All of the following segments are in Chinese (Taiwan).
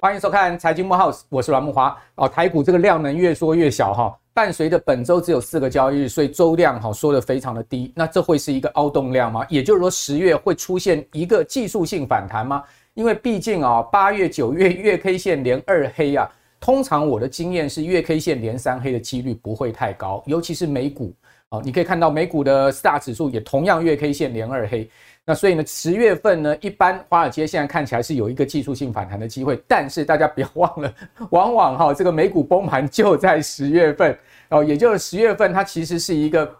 歡迎收看《財經慕 House》，我是阮慕驊哦，台股這個量能越縮越小哈，伴隨着本周只有四個交易日，所以周量哈縮得非常的低。那這會是一個凹洞量嗎？也就是說，十月會出現一個技術性反彈嗎？因為畢竟啊，八月、九月月 K 線連二黑啊，通常我的經驗是月 K 線連三黑的幾率不會太高，尤其是美股。好、哦，你可以看到美股的四大指數也同樣月 K 線連二黑。那所以呢，十月份呢，一般華爾街現在看起來是有一個技術性反彈的機會。但是大家不要忘了，往往哈、哦、這個美股崩盤就在十月份，哦，也就是十月份，它其實是一個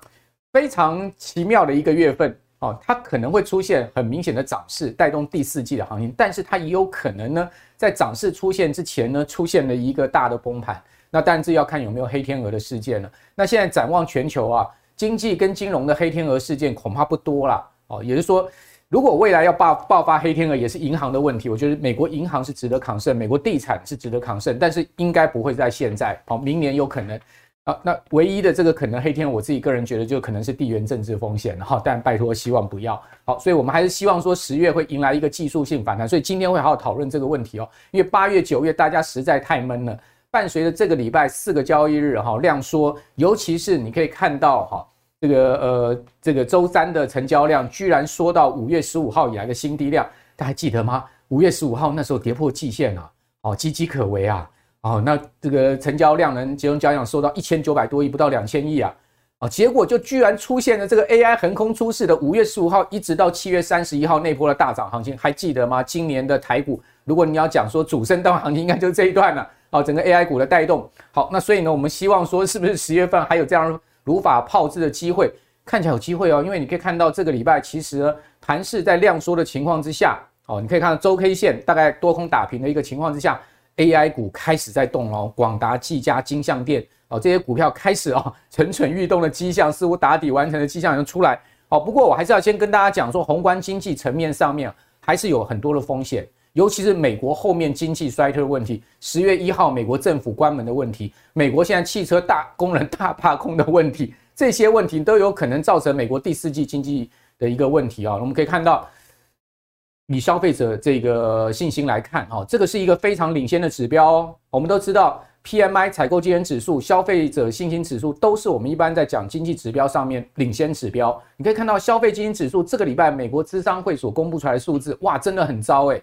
非常奇妙的一個月份哦，它可能會出現很明顯的漲勢，帶動第四季的行情。但是它也有可能呢，在漲勢出現之前呢，出現了一個大的崩盤。那但是這要看有沒有黑天鵝的事件了。那現在展望全球啊。經濟跟金融的黑天鵝事件恐怕不多啦，哦，也就是說，如果未來要爆、爆發黑天鵝，也是銀行的問題。我覺得美國銀行是值得抗勝，美國地產是值得抗勝，但是應該不會在現在好、哦，明年有可能啊。那唯一的這個可能黑天鵝，我自己個人覺得就可能是地緣政治風險哈、哦，但拜托，希望不要好。所以我們還是希望說十月會迎來一個技術性反彈，所以今天會好好討論這個問題哦，因為八月九月大家實在太悶了，伴隨着這個禮拜四個交易日哈量縮，尤其是你可以看到哈、哦。這個呃，這個週三的成交量居然縮到五月十五號以來的新低量，大家記得嗎？五月十五號那時候跌破季線了，啊，哦，岌岌可危啊，哦，那這個成交量能集中交易量縮到一千九百多億，不到兩千億啊，哦，結果就居然出現了這個 AI 橫空出世的五月十五號一直到七月三十一號那波的大漲行情，還記得嗎？今年的台股，如果你要講說主升段行情，應該就這一段了，啊，哦，整個 AI 股的帶動。好，那所以呢，我們希望說，是不是十月份還有這樣？如法炮製的機會，看起來有機會哦，因為你可以看到這個禮拜其實呢，盤勢在量縮的情況之下，哦，你可以看到周 K 線大概多空打平的一個情況之下，AI 股開始在動哦，廣達、技嘉、金像電哦這些股票開始哦蠢蠢欲動的跡象，似乎打底完成的跡象已經出來哦。不過我還是要先跟大家講說，宏觀經濟層面上面還是有很多的風險。尤其是美國後面經濟衰退的問題，十月一號美國政府關門的問題，美國現在汽車大工人大罷工的問題，這些問題都有可能造成美國第四季經濟的一個問題啊、哦。我們可以看到，以消費者這個信心來看、哦，哈，這個是一個非常領先的指標哦。我們都知道，PMI 採購經理指數、消費者信心指數都是我們一般在講經濟指標上面領先指標。你可以看到，消費信心指數這個禮拜美國諮商會所公布出來的數字，哇，真的很糟哎、欸。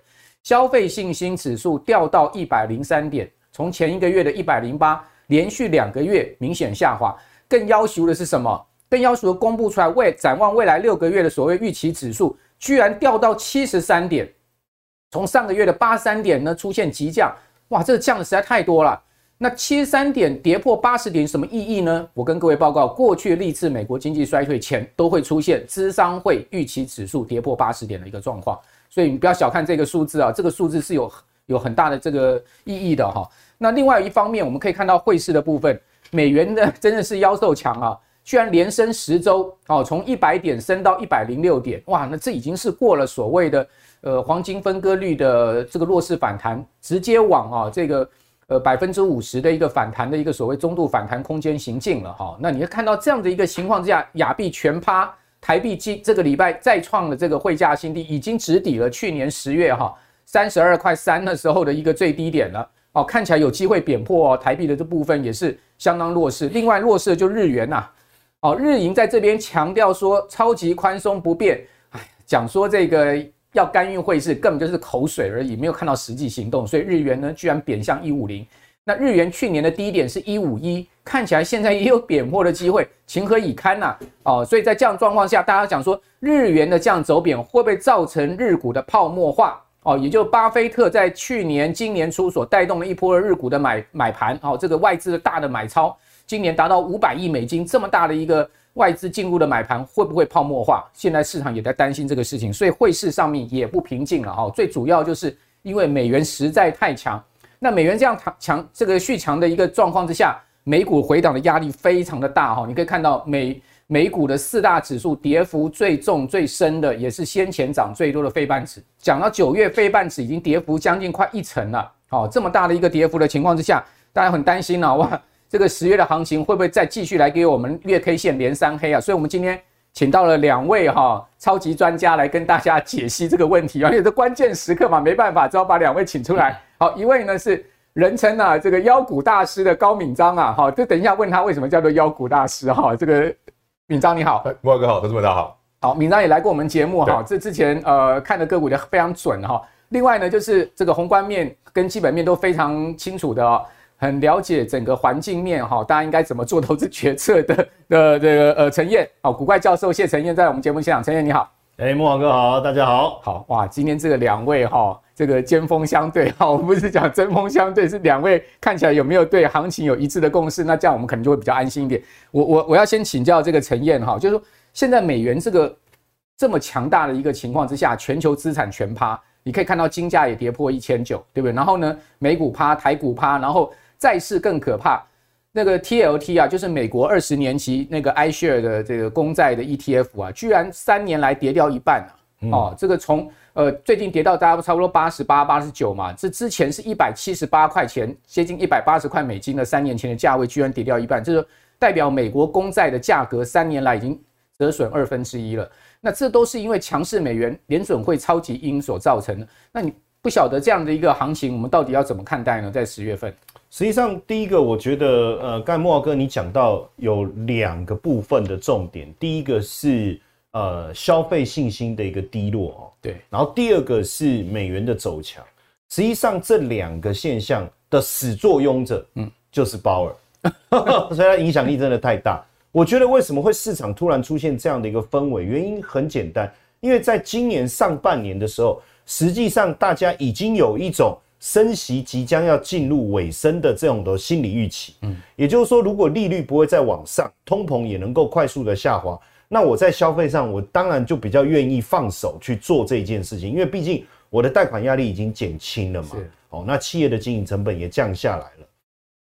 消費信心指數掉到一百零三點，從前一個月的一百零八，連續兩個月明顯下滑。更要求的是什麼？更要求的公布出來未展望未來六個月的所謂預期指數，居然掉到七十三點，從上個月的八十三點呢出現急降。哇，這降的實在太多了。那七十三點跌破八十點有什麼意義呢？我跟各位報告，過去歷次美國經濟衰退前都會出現諮商會預期指數跌破八十點的一個狀況。所以你不要小看這個數字啊，這個數字是有有很大的這個意義的哈、哦。那另外一方面，我們可以看到匯市的部分，美元呢真的是妖獸強啊，居然連升十周哦，從一百點升到一百零六點，哇，那這已經是過了所謂的呃黃金分割率的這個弱勢反彈，直接往啊這個呃百分之五十的一個反彈的一個所謂中度反彈空間行進了哈、哦。那你看到這樣的一個情況之下，亞幣全趴。台幣今這個禮拜再創了這個匯價新低，已經直抵了去年十月哈三十二塊三的時候的一個最低點了哦，看起來有機會貶破哦。台幣的這部分也是相當弱勢。另外弱勢的就日元吶，哦，日銀在這邊強調說超級寬鬆不變，哎，講說這個要干預匯市根本就是口水而已，沒有看到實際行動，所以日元呢居然貶向一五零。那日元去年的低點是一五一，看起來現在也有貶貨的機會，情何以堪吶、啊！哦，所以在這樣狀況下，大家講說日元的這樣走貶，會不會造成日股的泡沫化？哦，也就巴菲特在去年、今年初所帶動了一波日股的買買盤，哦，這個外資的大的買超，今年達到五百億美金，這麼大的一個外資進入的買盤，會不會泡沫化？現在市場也在擔心這個事情，所以匯市上面也不平靜了哦。最主要就是因為美元實在太強。那美元這樣強強這個續強的一個狀況之下，美股回檔的壓力非常的大哈、哦。你可以看到美美股的四大指數跌幅最重最深的，也是先前漲最多的費半指。講到九月費半指已經跌幅將近快一成了，好、哦，這麼大的一個跌幅的情況之下，大家很擔心呢、哦。哇，這個十月的行情會不會再繼續來給我們月 K 線連三黑啊？所以我們今天請到了兩位哈、哦、超級專家來跟大家解析這個問題、啊，而且這關鍵時刻嘛，沒辦法，只好把兩位請出來。 好，一位呢是人稱啊這個妖股大師的高閔漳啊，好、哦，就等一下問他為什麼叫做妖股大師哈、哦，這個閔漳你好，慕哥好，同事們大家好，好，閔漳也來過我們節目哈對、哦，這之前呃看的個股的非常準哈、哦，另外呢就是這個宏觀面跟基本面都非常清楚的哦，很了解整個環境面哈、哦，大家應該怎麼做投資決策的呵呵的這個呃晨彥，好，股怪教授謝晨彥在我們節目現場，晨彥你好。哎，慕驊哥好，大家好，好哇！今天這個兩位哈，這個尖鋒相對哈，我不是講針鋒相對，是兩位看起來有沒有對行情有一致的共識？那這樣我們可能就會比較安心一點。我我我要先請教這個晨彥哈，就是說現在美元這個這麼強大的一個情況之下，全球資產全趴，你可以看到金價也跌破一千九，對不對？然後呢，美股趴，台股趴，然後債市更可怕。那個 T L T 啊，就是美國二十年期那個 I share 的這個公債的 E T F 啊，居然三年來跌掉一半、啊、哦，這個從呃最近跌到大家差不多八十八、八十九嘛，這之前是一百七十八塊錢，接近一百八十塊美金的三年前的價位，居然跌掉一半，就是代表美國公債的價格三年來已經折損二分之一了。那這都是因為強勢美元、聯準會超級鷹所造成的。那你不曉得這樣的一個行情，我們到底要怎麼看待呢？在十月份。實際上，第一個，我覺得，呃，剛才慕哥你講到有兩個部分的重點，第一個是呃消費信心的一個低落哦，對，然後第二個是美元的走強。實際上，這兩個現象的始作俑者，嗯，就是鮑爾，所以他影響力真的太大。 我覺得為什麼會市場突然出現這樣的一個氛圍，原因很簡單，因為在今年上半年的時候，實際上大家已經有一種。升息即將要進入尾聲的這種的心理預期，嗯，也就是說，如果利率不會再往上，通膨也能夠快速的下滑，那我在消費上，我當然就比較願意放手去做這一件事情，因為畢竟我的貸款壓力已經減輕了嘛，好是、哦，那企業的經營成本也降下來了，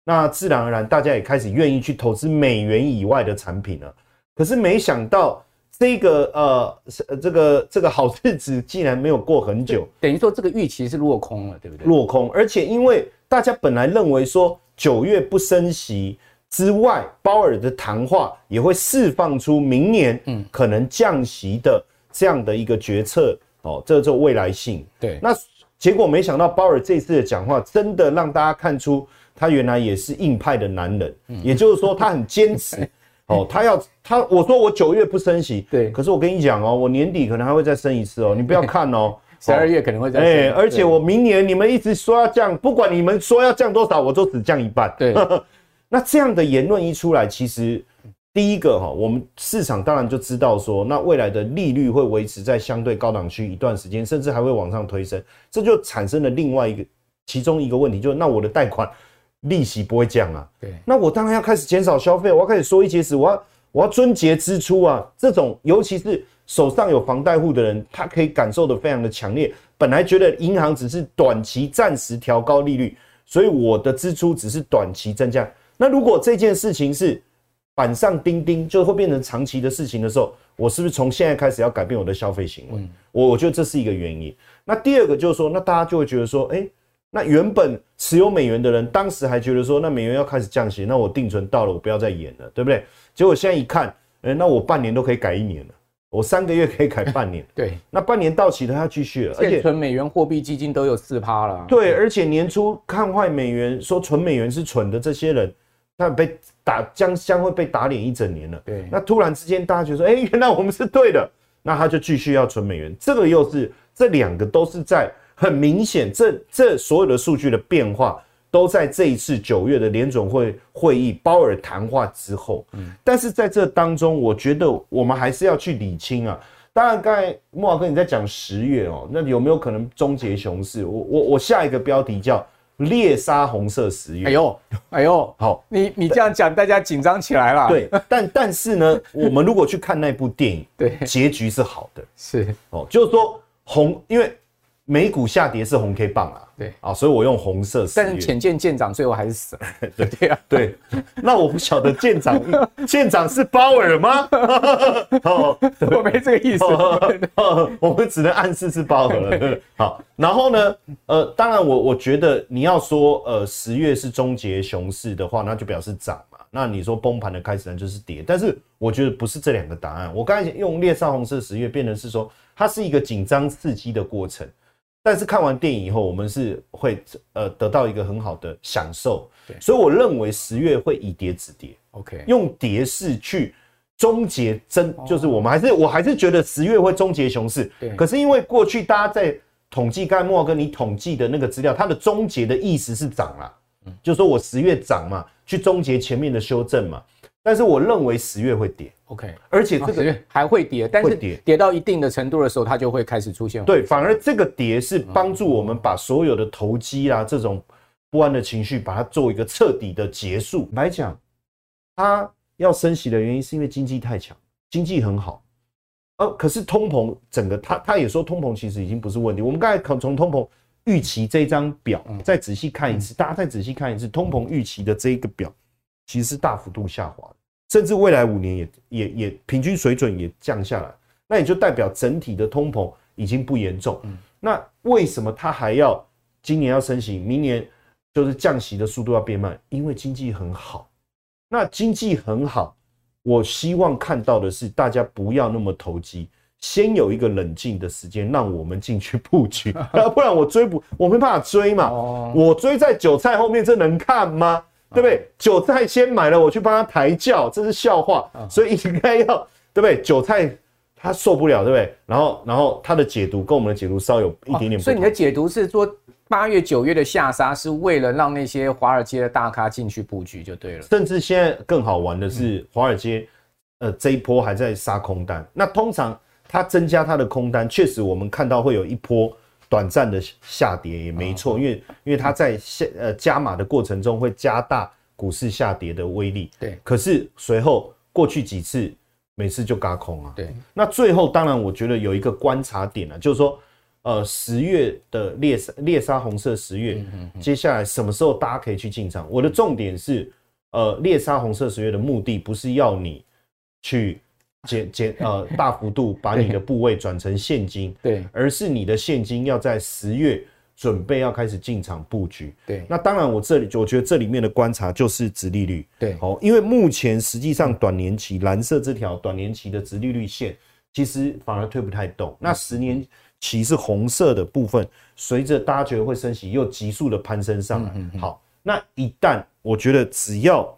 那自然而然大家也開始願意去投資美元以外的產品了，可是沒想到。這個呃是這個這個好日子竟然沒有過很久，等於說這個預期是落空了，對不對？落空，而且因為大家本來認為說九月不升息之外，鮑爾的談話也會釋放出明年嗯可能降息的這樣的一個決策、嗯、哦，這個就未來性。對，那結果沒想到鮑爾這次的講話真的讓大家看出他原來也是硬派的男人，嗯、也就是說他很堅持。 哦，喔、他要他我說我九月不升息，對。可是我跟你講哦，我年底可能還會再升一次哦、喔，你不要看哦，十二月可能會再升。哎，而且我明年你們一直說要降，不管你們說要降多少，我都只降一半。對。 那這樣的言論一出來，其實第一個哈、喔，我們市場當然就知道說，那未來的利率會維持在相對高檔區一段時間，甚至還會往上推升，這就產生了另外一個其中一個問題，就是那我的貸款。利息不會降啊，對，那我當然要開始減少消費，我要開始縮衣節食，我要我要撙節支出啊。這種尤其是手上有房貸戶的人，他可以感受的非常的強烈。本來覺得銀行只是短期暫時調高利率，所以我的支出只是短期增加。那如果這件事情是板上釘釘，就會變成長期的事情的時候，我是不是從現在開始要改變我的消費行為？我、嗯、我覺得這是一個原因。那第二個就是說，那大家就會覺得說，誒、欸。那原本持有美元的人，當時還覺得說，那美元要開始降息，那我定存到了，我不要再演了，對不對？結果現在一看，欸、那我半年都可以改一年了，我三個月可以改半年。對，那半年到期的它繼續了。現存美元貨幣基金都有四趴了。對，而且年初看壞美元，說存美元是蠢的這些人，他被打將將會被打臉一整年了。對，那突然之間大家覺得說，哎、欸，原來我們是對的，那他就繼續要存美元。這個又是這兩個都是在。很明顯，這這所有的數據的變化都在這一次九月的聯準會會議鮑爾談話之後。嗯，但是在這當中，我覺得我們還是要去理清啊。當然，剛才慕老哥你在講十月哦、喔，那有沒有可能終結熊市？我我我下一個標題叫獵殺紅色十月。哎呦，哎呦，好、喔，你你這樣講，大家緊張起來啦！對，但但是呢， 我們如果去看那部電影，對，結局是好的。是哦，喔、就是說紅，因為。美股下跌是紅 K 棒啊，對啊，所以我用紅色十月。但是潛艦艦長最後還是死了。對對啊，對，那我不曉得艦長艦 長是鮑爾嗎？ 哦，對我沒這個意思，哦、對我們只能暗示是鮑爾了。對好，然後呢，呃，當然我我覺得你要說呃十月是終結熊市的話，那就表示漲嘛。那你說崩盤的開始呢就是跌，但是我覺得不是這兩個答案。我剛才用獵殺紅色十月變成是說，它是一個緊張刺激的過程。但是看完電影以後，我們是會呃得到一個很好的享受，對所以我認為十月會以跌止跌 Okay 用跌勢去終結真，哦、就是我們還是我還是覺得十月會終結熊市，對可是因為過去大家在統計剛才慕驊哥你統計的那個資料，它的終結的意思是漲了，嗯、就說我十月漲嘛，去終結前面的修正嘛。但是我認為十月會跌，OK，而且這個月還會跌，但是跌跌到一定的程度的時候，它就會開始出現。對，反而這個跌是幫助我們把所有的投機啊這種不安的情緒，把它做一個徹底的結束。來講，它要升息的原因是因為經濟太強，經濟很好，哦，可是通膨整個，他他也說通膨其實已經不是問題。我們剛才從通膨預期這張表再仔細看一次，大家再仔細看一次通膨預期的這一個表。其實是大幅度下滑，甚至未來五年也也也平均水準也降下來，那也就代表整體的通膨已經不嚴重。那為什麼它還要今年要升息，明年就是降息的速度要變慢？因為經濟很好。那經濟很好，我希望看到的是大家不要那麼投機，先有一個冷靜的時間，讓我們進去布局， 不然我追不，我沒辦法追嘛。Oh. 我追在韭菜後面，這能看嗎？對不對？韭菜先買了，我去幫他抬轎，這是笑話。所以應該要、哦、對不對？韭菜他受不了，對不對？然後，然後他的解讀跟我們的解讀稍有一點一點不同、哦。所以你的解讀是說，八月、九月的下殺是為了讓那些華爾街的大咖進去佈局，就對了。甚至現在更好玩的是，華爾街、嗯、呃這一波還在殺空單。那通常他增加他的空單，確實我們看到會有一波。短暫的下跌也沒錯，哦、因為因為它在下呃加呃加碼的過程中會加大股市下跌的威力。對，可是隨後過去幾次，每次就軋空啊。對，那最後當然我覺得有一個觀察點了、啊，就是說，呃，十月的獵獵殺紅色十月，嗯、哼哼接下來什麼時候大家可以去進場？我的重點是，呃，獵殺紅色十月的目的不是要你去。減減呃，大幅度把你的部位轉成現金，對，對而是你的現金要在十月準備要開始進場布局，對。那當然，我這裡我覺得這裡面的觀察就是殖利率，對，因為目前實際上短年期藍色這條短年期的殖利率線其實反而推不太動，嗯、那十年期是紅色的部分，隨着大家覺得會升息，又急速的攀升上來，嗯嗯嗯、好，那一旦我覺得只要。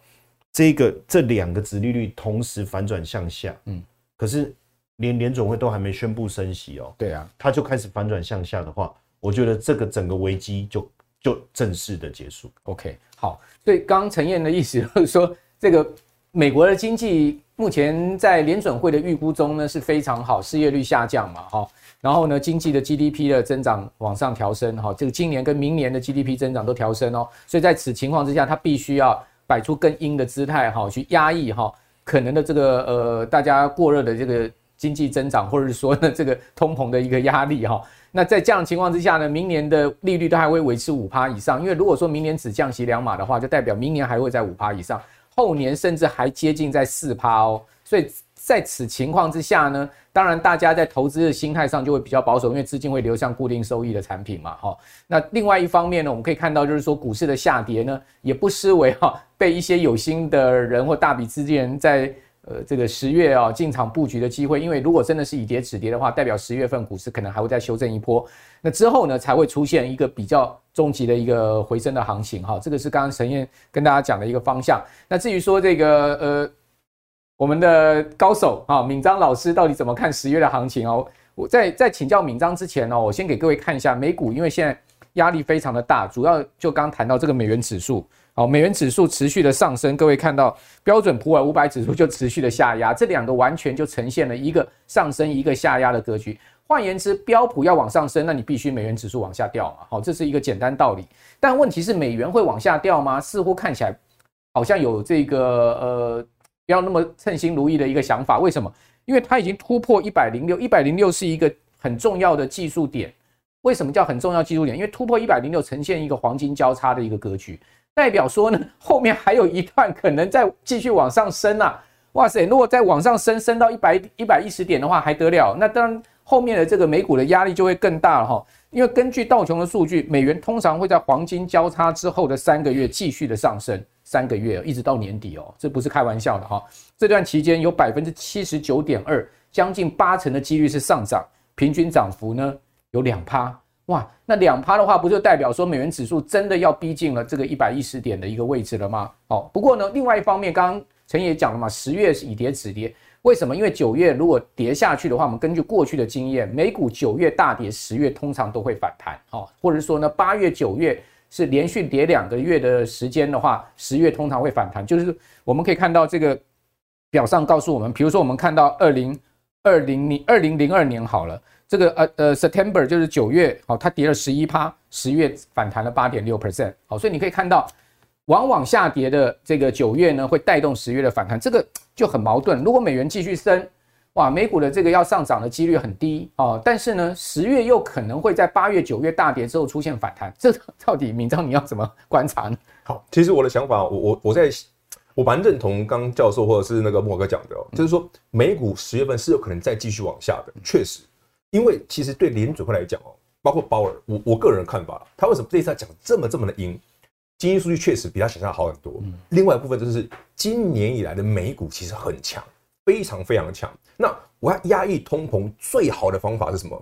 這個這兩個殖利率同時反轉向下，嗯，可是連，聯準會都還沒宣布升息哦，對啊，它就開始反轉向下的話，我覺得這個整個危機就就正式的結束。OK，好，所以剛晨彥的意思就是說，這個美國的經濟目前在聯準會的預估中呢是非常好，失業率下降嘛，哈、哦，然後呢，經濟的 GDP 的增長往上調升，哈、哦，就是這個今年跟明年的 GDP 增長都調升哦，所以在此情況之下，它必須要。擺出更鷹的姿態哈，去壓抑哈可能的這個呃大家過熱的這個經濟增長，或者是說呢這個通膨的一個壓力哈。那在這樣的情況之下呢，明年的利率都還會維持五趴以上，因為如果說明年只降息兩碼的話，就代表明年還會在五趴以上，後年甚至還接近在四趴哦，所以。在此情況之下呢，當然大家在投資的心態上就會比較保守，因為資金會流向固定收益的產品嘛，哈、哦。那另外一方面呢，我們可以看到就是說股市的下跌呢，也不失為哈、哦、被一些有心的人或大筆資金人在呃這個十月啊、哦、進場布局的機會，因為如果真的是以跌止跌的話，代表十月份股市可能還會再修正一波，那之後呢才會出現一個比較終極的一個回升的行情，哈、哦。這個是剛剛晨彥跟大家講的一個方向。那至於說這個呃。我們的高手啊，閔漳老師到底怎麼看十月的行情哦？我在在請教閔漳之前呢，我先給各位看一下美股，因為現在壓力非常的大，主要就剛談到這個美元指數，好，美元指數持續的上升，各位看到標準普爾五百指數就持續的下壓，這兩個完全就呈現了一個上升一個下壓的格局。換言之，標普要往上升，那你必須美元指數往下掉嘛？好，這是一個簡單道理。但問題是，美元會往下掉嗎？似乎看起來好像有這個呃。不要那麼稱心如意的一個想法，為什麼？因為它已經突破一百零六，一百零六是一個很重要的技術點。為什麼叫很重要技術點？因為突破一百零六呈現一個黃金交叉的一個格局，代表說呢，後面還有一段可能再繼續往上升啊。哇塞，如果再往上升，升到一百一百一十點的話，還得了？那當後面的這個美股的壓力就會更大了哈。因為根據道瓊的數據，美元通常會在黃金交叉之後的三個月繼續的上升，三個月一直到年底哦，這不是開玩笑的哈、哦。這段期間有百分之七十九點二，將近八成的幾率是上漲，平均漲幅呢有兩趴哇。那兩趴的話，不就代表說美元指數真的要逼近了這個一百一十點的一個位置了嗎？哦，不過呢，另外一方面，剛剛晨彥講了嘛，十月是以跌止跌。為什麼？因為九月如果跌下去的話，我們根據過去的經驗，美股九月大跌，十月通常都會反彈，哦，或者說呢，八月、九月是連續跌兩個月的時間的話，十月通常會反彈。就是我們可以看到這個表上告訴我們，比如說我們看到二零二零年、二零零二年好了，這個呃呃 September 就是九月，好，哦，它跌了十一趴，十月反彈了八點六 percent，好，所以你可以看到，往往下跌的這個九月呢，會帶動十月的反彈，這個。就很矛盾，如果美元繼續升，哇，美股的這個要上漲的幾率很低啊、哦。但是呢，十月又可能會在八月、九月大跌之後出現反彈，這到底閔漳你要怎麼觀察呢？好，其實我的想法，我我我在，我蠻認同剛剛教授或者是那個慕哥講的，就是說美股十月份是有可能再繼續往下的，確實，因為其實對聯準會來講哦，包括鮑爾，我我個人看法，他為什麼這次要講這麼這麼的陰？經濟數據確實比他想象的好很多。另外一部分就是今年以來的美股其實很強，非常非常強。那我要壓抑通膨最好的方法是什麼？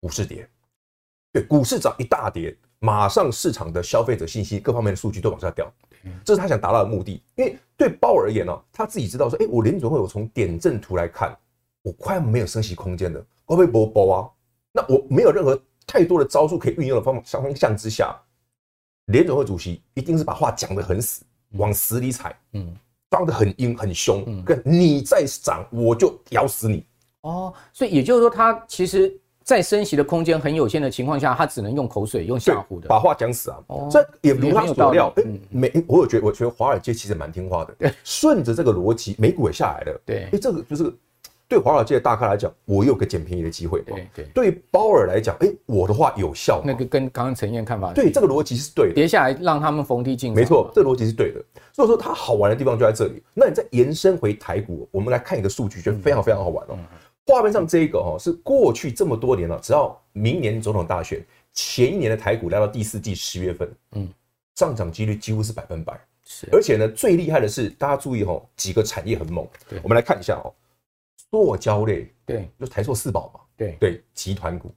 股市跌，對，股市漲一大跌，馬上市場的消費者信心各方面的數據都往下掉，這是他想達到的目的。因為對鮑爾而言呢、啊，他自己知道說，我聯準會有從點陣圖來看，我快要沒有升息空間了，會不會波波啊？那我沒有任何太多的招數可以運用的方方方向之下。聯準會主席一定是把話講得很死，嗯、往死裡踩，嗯，放得很硬很兇，嗯、跟你再漲我就咬死你。哦，所以也就是說，他其實在升息的空間很有限的情況下，他只能用口水用嚇唬的，把話講死啊。哦、這也如他所料。哎，美、欸嗯欸，我有覺得，我覺得華爾街其實蠻聽話的，順着、嗯、這個邏輯，美股也下來了。對，哎、欸，這個就是。對華爾街的大咖來講，我也有個撿便宜的機會。對，對，對，對於。對鮑爾來講，我的話有效。那個跟剛剛晨彥看法對，對，這個邏輯是對的。跌下來讓他們逢低進。沒錯，這邏輯是對的。所以說它好玩的地方就在這裡。那你再延伸回台股，我們來看一個數據，就、嗯、非常非常好玩哦、喔。畫面上這一個哈、喔，是過去這麼多年了、喔，只要明年總統大選前一年的台股來到第四季十月份，嗯，上漲幾率幾乎是百分百。是而且呢，最厲害的是大家注意哈、喔，幾個產業很猛。對我們來看一下哦、喔。做交類，對，就台塑四寶嘛，對對，集團股，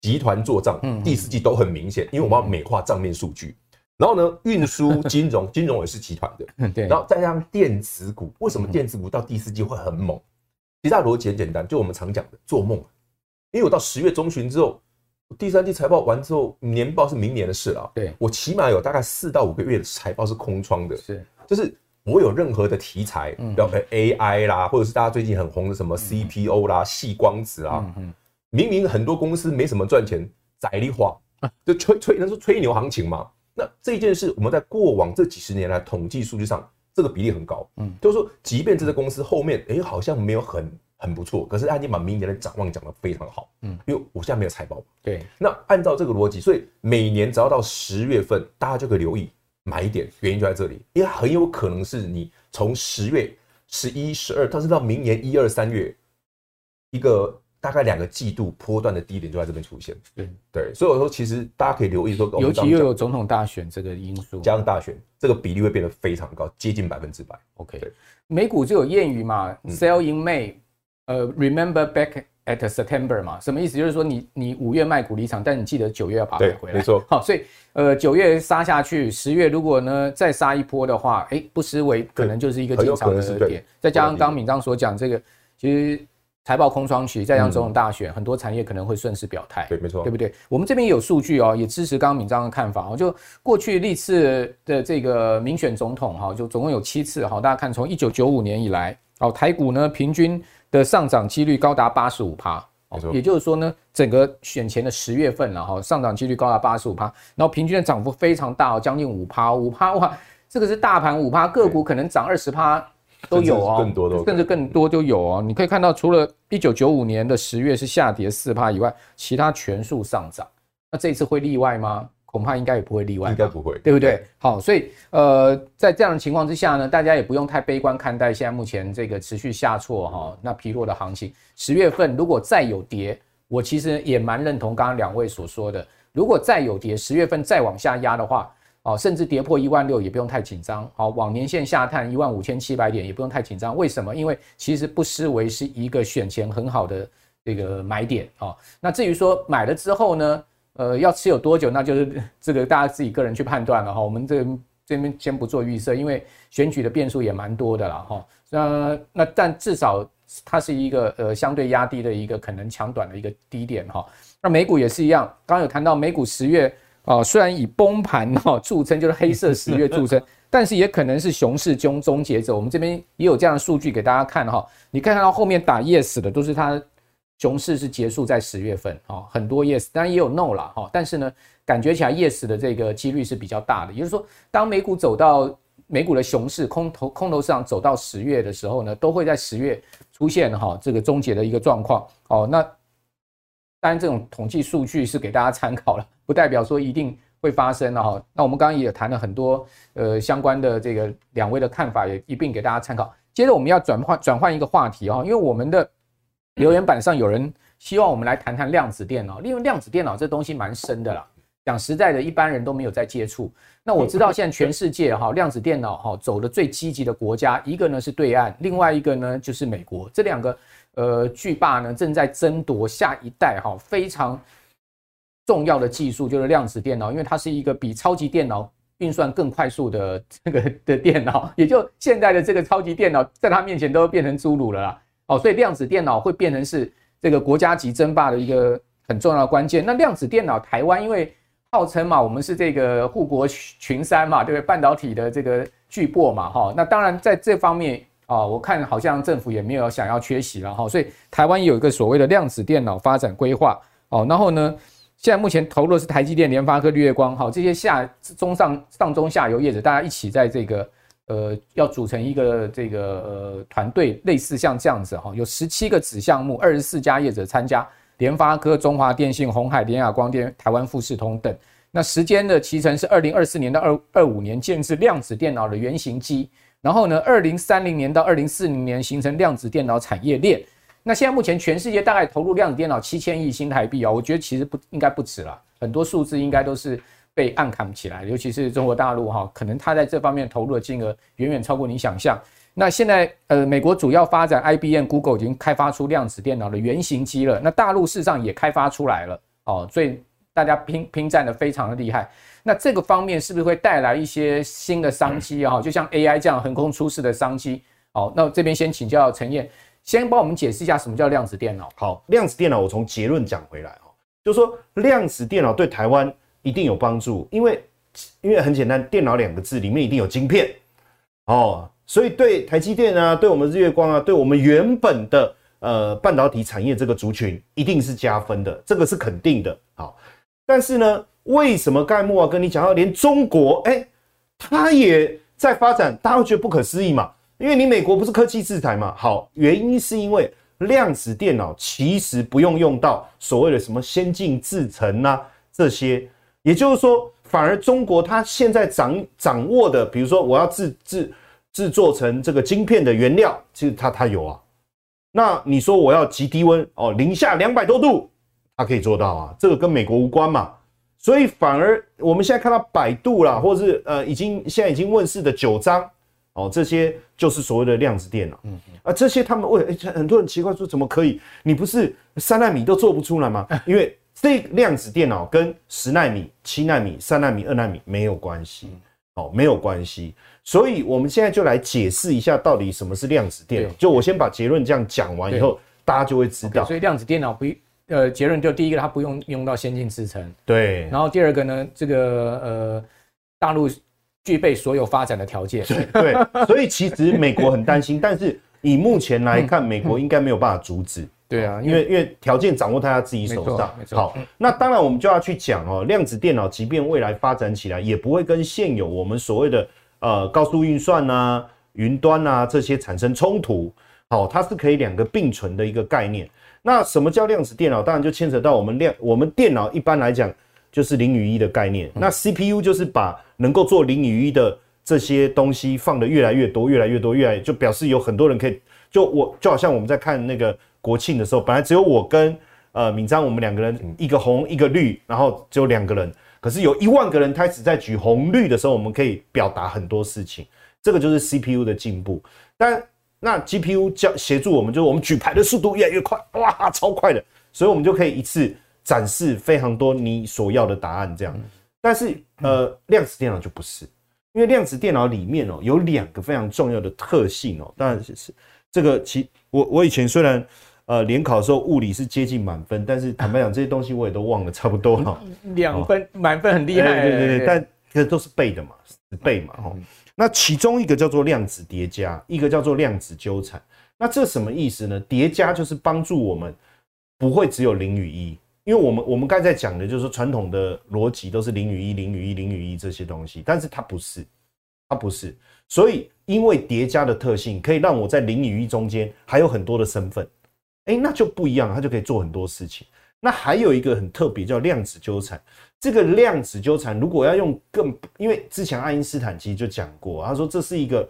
集團做賬，嗯，嗯，第四季都很明顯，因為我們要美化賬面數據，嗯嗯然後呢，運輸金融， 金融也是集團的、嗯，對，然後再加上電子股，為什麼電子股到第四季會很猛？嗯嗯其實大邏輯很簡單，就我們常講的做夢。因為我到十月中旬之後，第三季財報完之後，年報是明年的事了啊，對，我起碼有大概四到五個月的財報是空窗的，是，就是。我有任何的題材，嗯，比如說 AI 啦，或者是大家最近很紅的什麼 CPO 啦、矽、嗯、光子啊，嗯，嗯明明很多公司沒什麼賺錢，宅你化，就吹吹，能、啊、是吹牛行情嘛？那這件事我們在過往這幾十年來統計數據上，這個比例很高，嗯，就是說，即便這個公司後面，哎、欸，好像沒有很很不錯，可是它已經把明年的展望講得非常好，嗯，因為我現在沒有財報，對、嗯，那按照這個邏輯，所以每年只要到十月份，大家就可以留意。買點原因就在這裡，因為很有可能是你從十月、十一、十二，但是到明年一二三月，一個大概兩個季度波段的低點就在這邊出現。對對，所以我說其實大家可以留意說我們剛剛講，尤其又有總統大選這個因素，加上大選這個比例會變得非常高，接近百分之百。OK，對，美股就有諺語嘛，嗯，Sell in May，呃，uh，Remember back。At September 嘛，什麼意思？就是說你你五月賣股離場，但你記得九月要把它買回來。對，沒錯。好，所以呃，九月殺下去，十月如果呢再殺一波的話，哎、欸，不失為可能就是一個進場的節點。再加上剛剛敏章所講這個，對其實財報空窗期，再加上總統大選，嗯、很多產業可能會順勢表態。對，沒錯，對不對？我們這邊有數據哦，也支持剛剛敏章的看法、哦。我就過去歷次的這個民選總統哈、哦，就總共有七次哈、哦，大家看從一九九五年以來，哦，台股呢平均，的上漲幾率高達八十五趴，也就是說呢，整個選前的十月份了哈，上漲幾率高達八十五趴，然後平均的漲幅非常大哦，將近五趴。五趴哇，這個是大盤五趴，個股可能漲二十趴都有哦，甚至更多都有哦。你可以看到，除了一九九五年的十月是下跌四趴以外，其他全數上漲。那這次會例外嗎？恐怕應該也不會例外，應該不會，對不對？對。好，所以呃，在這樣的情況之下呢，大家也不用太悲觀看待現在目前這個持續下挫哈、喔，那疲弱的行情。十月份如果再有跌，我其實也蠻認同剛剛兩位所說的，如果再有跌，十月份再往下壓的話，哦，甚至跌破一萬六也不用太緊張。好，往年線下探一萬五千七百點也不用太緊張。為什麼？因為其實不失為是一個選前很好的這個買點啊、喔。那至於說買了之後呢？呃，要持有多久，那就是這個大家自己個人去判斷了哈。我們這這邊先不做預設，因為選舉的變數也蠻多的了哈、喔。那那但至少它是一個呃相對壓低的一個可能搶短的一個低點哈、喔。那美股也是一樣，剛剛有談到美股十月啊、喔，雖然以崩盤哈、喔、著稱，就是黑色十月著稱， 但是也可能是熊市終結者。我們這邊也有這樣的數據給大家看哈、喔。你可以看到後面打 yes 的都是它。熊市是結束在十月份，哈，很多 yes，當然也有 no 啦。哈，但是呢，感覺起來 yes 的這個幾率是比較大的，也就是說，當美股走到美股的熊市空頭空頭市場走到十月的時候呢，都會在十月出現哈這個終結的一個狀況，哦，那當然這種統計數據是給大家參考了，不代表說一定會發生，哈，那我們剛剛也談了很多呃相關的這個兩位的看法，也一併給大家參考。接着我們要轉換轉換一個話題啊，因為我們的。留言板上有人希望我們來談談量子電腦，因為量子電腦這東西蠻深的啦。講實在的，一般人都沒有在接觸。那我知道現在全世界哈、喔，量子電腦哈、喔、走的最積極的國家，一個呢是對岸，另外一個呢就是美國。這兩個呃巨霸呢正在爭奪下一代哈、喔、非常重要的技術，就是量子電腦，因為它是一個比超級電腦運算更快速的這個的電腦，也就現在的這個超級電腦在它面前都變成侏儒了啦。哦，所以量子電腦會變成是這個國家級爭霸的一個很重要的關鍵。那量子電腦，台灣因為號稱嘛，我們是這個護國群山嘛，對不對？半導體的這個巨擘嘛，哈。那當然在這方面啊，我看好像政府也沒有想要缺席了哈。所以台灣也有一個所謂的量子電腦發展規劃哦。然後呢，現在目前投入的是台積電、聯發科、日月光哈這些下中上上中下游業者，大家一起在這個。呃，要組成一個這個呃團隊，類似像這樣子哈、哦，有十七個子項目，二十四家業者參加，聯發科、中華電信、鴻海、聯亞光電、台灣富士通等。那時間的期程是二零二四年到二二五年，建置量子電腦的原型機。然後呢，二零三零年到二零四零年，形成量子電腦產業鏈。那現在目前全世界大概投入量子電腦七千億新台幣啊、哦，我覺得其實不應該不止了，很多數字應該都是。被暗砍起來，尤其是中國大陸哈，可能他在這方面投入的金額遠遠超過你想象。那現在呃，美國主要發展 IBM、Google 已經開發出量子電腦的原型機了，那大陸事實上也開發出來了哦，所以大家拼拼戰得非常的厲害。那這個方面是不是會帶來一些新的商機哈、嗯、哦，就像 AI 這樣橫空出世的商機哦。那我這邊先請教晨彥，先幫我們解釋一下什麼叫量子電腦。好，量子電腦我從結論講回來就是說，量子電腦對台灣。一定有幫助，因為因為很簡單，電腦兩個字裡面一定有晶片哦，所以對台積電啊，對我們日月光啊，對我們原本的呃半導體產業這個族群一定是加分的，這個是肯定的好、哦，但是呢，為什麼蓋木啊跟你講到連中國哎，他、欸、也在發展，大家會覺得不可思議嘛？因為你美國不是科技制裁嘛？好，原因是因為量子電腦其實不用用到所謂的什麼先進製程吶、啊、這些。也就是說，反而中國它現在掌掌握的，比如說我要製製製作成這個晶片的原料，其實它它有啊。那你說我要極低溫哦，零下兩百多度，它、啊、可以做到啊。這個跟美國無關嘛。所以反而我們現在看到百度啦，或是呃已經現在已經問世的九章哦，這些就是所謂的量子電腦。啊、嗯哼，而這些他們為、欸、很多人奇怪說怎麼可以？你不是三納米都做不出來嗎？因為這量子電腦跟十納米、七納米、三納米、二納米沒有關係，哦，沒有關係。所以我們現在就來解釋一下，到底什麼是量子電腦。對就我先把結論這樣講完以後，對大家就會知道。Okay, 所以量子電腦不，呃，結論就第一個，它不用用到先進製程。對。然後第二個呢，這個呃，大陸具備所有發展的條件對。對。所以其實美國很擔心， 但是以目前來看，嗯，美國應該沒有辦法阻止。對啊，因為因為條件掌握在他自己手上。好，那當然我們就要去講哦，量子電腦即便未來發展起來，也不會跟現有我們所謂的呃高速運算呐、雲端呐、啊、這些產生衝突。好，它是可以兩個並存的一個概念。那什麼叫量子電腦？當然就牽扯到我們量我們電腦一般來講就是零與一的概念。那 CPU 就是把能夠做零與一的這些東西放得越來越多、越來越多、越來，就表示有很多人可以。就我就好像我們在看那個國慶的時候，本來只有我跟呃閔漳我們兩個人，一個紅一個綠，嗯、然後只有兩個人。可是有一萬個人開始在舉紅綠的時候，我們可以表達很多事情。這個就是 CPU 的進步，但那 GPU 將協助我們，就是我們舉牌的速度越來越快，哇，超快的，所以我們就可以一次展示非常多你所要的答案這樣。但是呃，量子電腦就不是，因為量子電腦裡面哦、喔、有兩個非常重要的特性哦、喔，當然是。嗯這個其我我以前雖然呃聯考的時候物理是接近滿分，但是坦白講這些東西我也都忘了差不多哈、嗯。兩分滿、哦、分很厲害，欸、對對對，對，但這都是背的嘛，背嘛哦，嗯、那其中一個叫做量子疊加，一個叫做量子糾纏。那這什麼意思呢？疊加就是幫助我們不會只有零與一，因為我們我們剛才講的就是說傳統的邏輯都是零與一、零與一、零與一這些東西，但是它不是，它不是，所以。因為疊加的特性可以讓我在零與一中間還有很多的身份，誒，那就不一樣，它就可以做很多事情。那還有一個很特別叫量子糾纏，這個量子糾纏如果要用更，因為之前愛因斯坦其實就講過，他說這是一個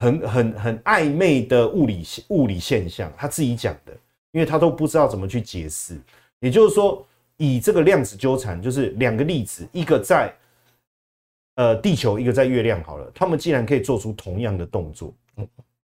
很很很曖昧的物理物理現象，他自己講的，因為他都不知道怎麼去解釋。也就是說，以這個量子糾纏，就是兩個粒子，一個在。呃，地球一個在月亮好了，他們竟然可以做出同樣的動作，嗯、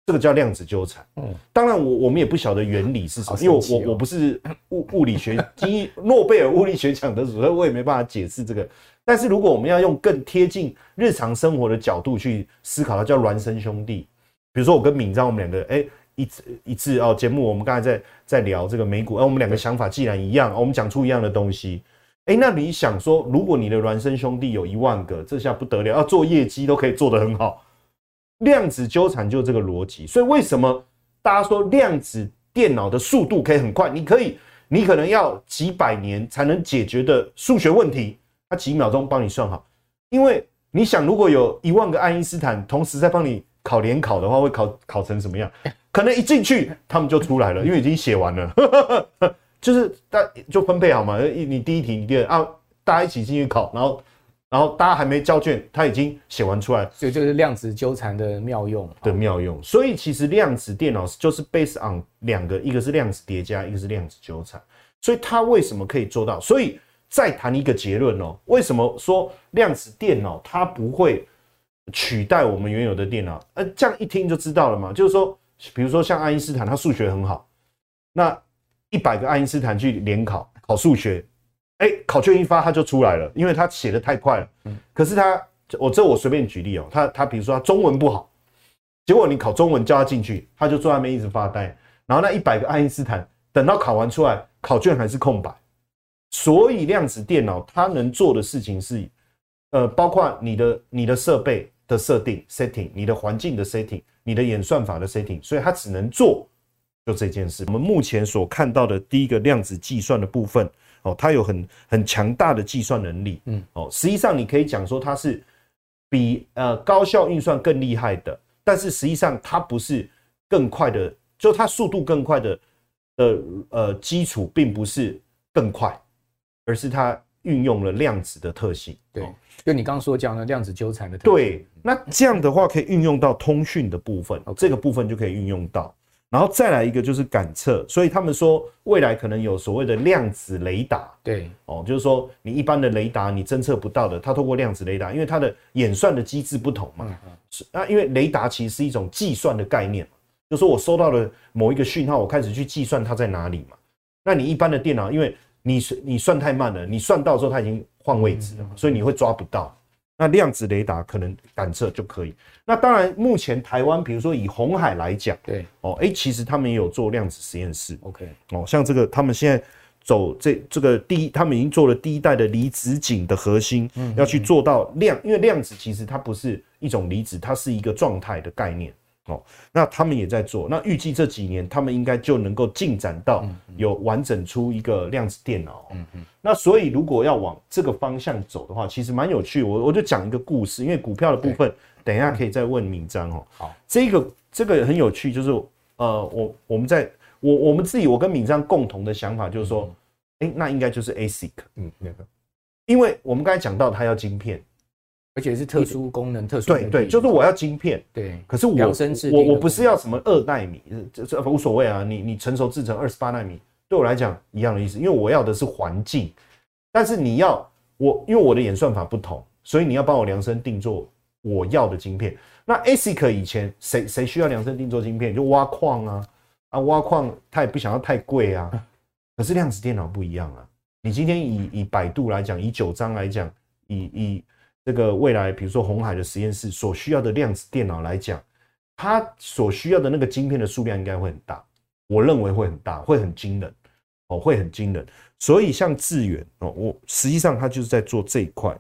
這個叫量子糾纏。嗯，當然我我們也不曉得原理是什麼，嗯、因為我、哦、我，我不是物理 物理學基諾貝爾物理學獎得主，所以我也沒辦法解釋這個。但是如果我們要用更貼近日常生活的角度去思考，它叫孿生兄弟。比如說我跟閔漳，我們兩個哎、欸、一一次哦節目，我們剛才在在聊這個美股，呃、我們兩個想法既然一樣，對我們講出一樣的東西。哎，那你想說，如果你的孿生兄弟有一萬個，這下不得了，要做業績都可以做得很好。量子糾纏就這個邏輯，所以為什麼大家說量子電腦的速度可以很快？你可以，你可能要幾百年才能解決的數學問題，它、啊、幾秒鐘幫你算好。因為你想，如果有一萬個愛因斯坦同時在幫你考聯考的話，會考考成什麼樣？可能一進去他們就出來了，因為已經寫完了。呵呵呵就是，大就分配好嘛。你第一題，你第二題啊，大家一起進去考，然後，然後大家還沒交卷，他已經寫完出來。所以這個是量子糾纏的妙用的妙用。所以其實量子電腦就是 based on 兩個，一個是量子疊加，一個是量子糾纏。所以它為什麼可以做到？所以再談一個結論哦，為什麼說量子電腦它不會取代我們原有的電腦？呃，這樣一聽就知道了嘛。就是說，比如說像愛因斯坦，他數學很好，那。一百個愛因斯坦去聯考考數學，哎、欸，考卷一發他就出來了，因為他寫得太快了。可是他我這我隨便舉例哦、喔，他他比如說他中文不好，結果你考中文叫他進去，他就坐在那邊一直發呆。然後那一百個愛因斯坦等到考完出來，考卷還是空白。所以量子電腦它能做的事情是，呃，包括你的你的設備的設定 setting，你的環境的 setting，你的演算法的 setting，所以它只能做。就這件事，我們目前所看到的第一個量子計算的部分，哦，它有很很強大的計算能力，嗯，哦，實際上你可以講說它是比呃高效運算更厲害的，但是實際上它不是更快的，就它速度更快的，呃呃，基礎並不是更快，而是它運用了量子的特性，對，就你剛剛所講的量子糾纏的特性，對，那這樣的話可以運用到通訊的部分，哦，Okay. 這個部分就可以運用到。然後再來一個就是感測，所以他們說未來可能有所謂的量子雷達，對，哦，就是說你一般的雷達你偵測不到的，它透過量子雷達，因為它的演算的機制不同嘛，那因為雷達其實是一種計算的概念，就是說我收到了某一個訊號，我開始去計算它在哪裡嘛，那你一般的電腦，因為你你算太慢了，你算到的時候它已經換位置了，所以你會抓不到。那量子雷達可能感測就可以。那當然，目前台灣，比如說以鴻海來講，對哦，哎、喔欸，其實他們也有做量子實驗室。OK，哦、喔，像這個，他們現在走這這個第一，他們已經做了第一代的離子阱的核心，嗯嗯嗯要去做到量，因為量子其實它不是一種離子，它是一個狀態的概念。哦，那他們也在做，那預計這幾年他們應該就能夠進展到有完整出一個量子電腦、哦。嗯嗯哼。那所以如果要往這個方向走的話，其實蠻有趣。我我就講一個故事，因為股票的部分，嗯、等一下可以再問閔漳哦。好、嗯，這個這個很有趣，就是呃，我我們在我我們自己，我跟閔漳共同的想法就是說，哎、嗯欸，那應該就是 ASIC。嗯，那個、嗯，因為我們剛才講到它要晶片。而且是特殊功能，個特殊功能對，對對，就是我要晶片，對。可是我我我不是要什麼二奈米，就是，無所謂啊。你你成熟製程，二十八奈米，對我來講一樣的意思，因為我要的是環境。但是你要我，因為我的演算法不同，所以你要幫我量身定做我要的晶片。那 ASIC 以前誰誰需要量身定做晶片，就挖礦啊，啊挖礦，他也不想要太貴啊。 可是量子電腦不一樣啊，你今天以以百度來講，以九章來講，以以。這個未來，比如說鴻海的實驗室所需要的量子電腦來講，它所需要的那個晶片的數量應該會很大，我認為會很大，會很驚人哦，會很驚人。所以像智原哦，我實際上它就是在做這一塊，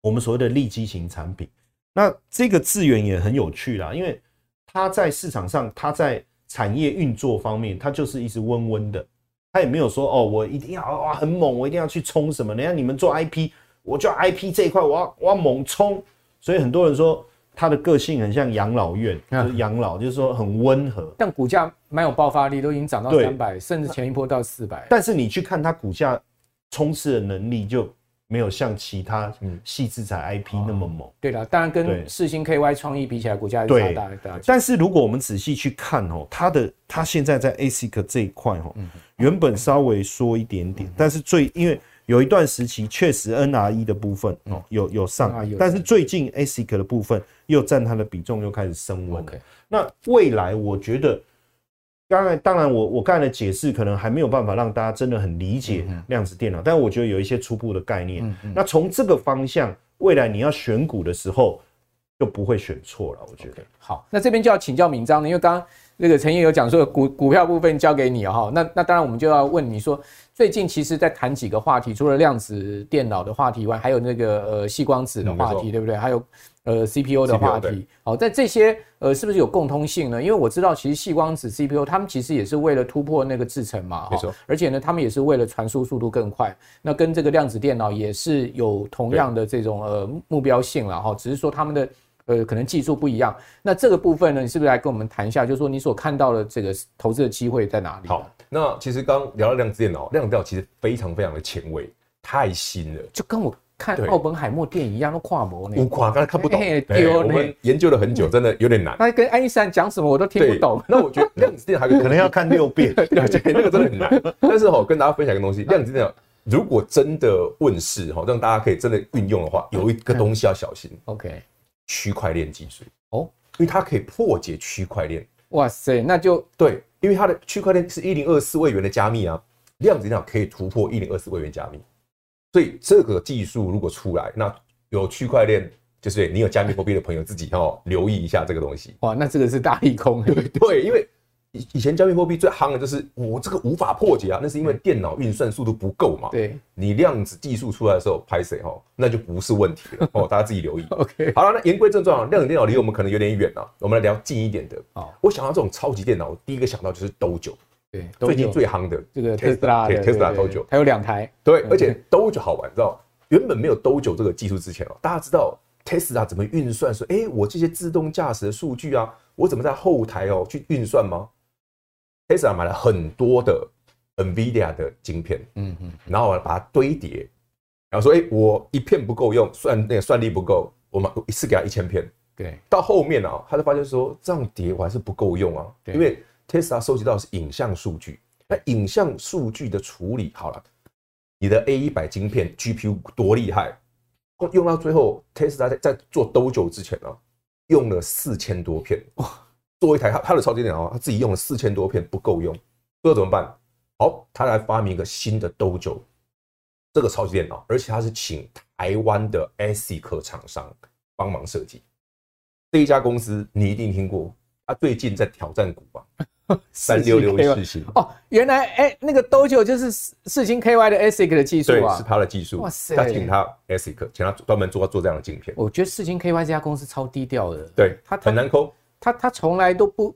我們所謂的利基型產品。那這個智原也很有趣啦，因為它在市場上，它在產業運作方面，它就是一直溫溫的，它也沒有說哦，我一定要、哦、很猛，我一定要去衝什麼。你看你們做 IP。我就 I P 這一塊，我要我要猛衝，所以很多人說他的個性很像養老院，就是養老，就是說很溫和、嗯，但股價蠻有爆發力，都已經漲到三百對，甚至前一波到四百。但是你去看它股價衝刺的能力，就沒有像其他矽智財 I P 那麼猛。嗯哦啊、對的當然跟世芯 K Y 創意比起來，股價還是差大了對錢。但是如果我們仔細去看哦、喔，它的它現在在 ASIC 這一塊哦、喔，嗯、原本稍微縮一點點，嗯嗯、但是最因為。有一段時期確實 NRE 的部分哦，有有上，但是最近 ASIC 的部分又占它的比重又開始升溫。OK，那未來我覺得，剛才，當然我我剛才的解釋可能還沒有辦法讓大家真的很理解量子電腦，但我覺得有一些初步的概念。那從這個方向，未來你要選股的時候就不會選錯了，我覺得。Okay, 好，那這邊就要請教閔漳了，因為剛剛。那個晨彥有講說股股票，部分交給你哈、哦，那那當然我們就要問你說，最近其實在談幾個話題，除了量子電腦的話題外，還有那個呃矽光子的話題，錯對不對？還有呃 CPO 的話題，好對，在、哦、這些呃是不是有共通性呢？因為我知道其實矽光子 CPO 他們其實也是為了突破那個製程嘛，哦、沒錯而且呢他們也是為了傳輸速度更快，那跟這個量子電腦也是有同樣的這種對呃目標性了哈、哦，只是說他們的。呃，可能技術不一樣。那這個部分呢，你是不是來跟我們談一下？就是說你所看到的這個投資的機會在哪裡？好，那其實剛聊到量子電腦，量子電腦其實非常非常的前衛，太新了，就跟我看奧本海默電影一樣，都跨模呢。跨看，剛才我看，看不懂，我們研究了很久，真的有點難。那跟安醫生講什麼我都聽不懂。那我覺得量子電腦還 可能要看六遍 對，那個真的很難。 但是我、喔、跟大家分享一個東西，量子電腦如果真的問世，哈、喔，讓大家可以真的運用的話，有一個東西要小心。OK。區塊鏈技術哦，因為它可以破解區塊鏈。哇塞，那就對，因為它的區塊鏈是一零二四位元的加密啊，量子電腦可以突破一零二四位元加密，所以這個技術如果出來，那有區塊鏈就是你有加密貨幣的朋友自己要、哦、 留意一下這個東西。哇，那這個是大利空。 對，因為。以以前加密貨幣最夯的，就是我這個無法破解啊，那是因為電腦運算速度不夠嘛。對，你量子技術出來的時候，拍誰哈，那就不是問題了哦、喔。大家自己留意。 OK，好了，那言歸正傳啊，量子電腦離我們可能有點遠了、啊，我們來聊近一點的啊。哦、我想到這種超級電腦，我第一個想到就是 Dojo。對，最近最夯的 Dojo, Tesla, 這個的對 Tesla Tesla Dojo 它有兩台。對，而且 Dojo 好玩，知道原本沒有 Dojo 這個技術之前哦、喔，大家知道 Tesla 怎麼運算？說，誒、欸，我這些自動駕駛的數據啊，我怎麼在後台哦、喔、去運算嗎？Tesla 買了很多的 NVIDIA 的晶片，嗯嗯哼，然後把它堆疊，然後說：“哎、欸，我一片不夠用，算那個算力不夠，我們一次給他一千片。”對，到後面啊、喔，他就發現說這樣疊我還是不夠用啊，對因為 Tesla 收集到是影像數據，那影像數據的處理好了，你的 A100 晶片 GPU 多厲害，用到最後 Tesla 在做 Dojo 之前啊、喔，用了四千多片哇！做一台他他的超級電腦他自己用了四千多片不夠用，不知道怎麼辦。好，他來發明一個新的 Dojo，這個超級電腦，而且他是請台灣的 ASIC 廠商幫忙設計。這一家公司你一定聽過，他最近在挑戰股王，三六六一世芯哦，原來哎、欸，那個 Dojo 就是世世芯 KY 的 ASIC 的技術、啊，是他的技術，哇塞請他 ASIC 請他專門做做這樣的晶片。我覺得世芯 KY 這家公司超低調的，對他,他很難摳。他他從來都不，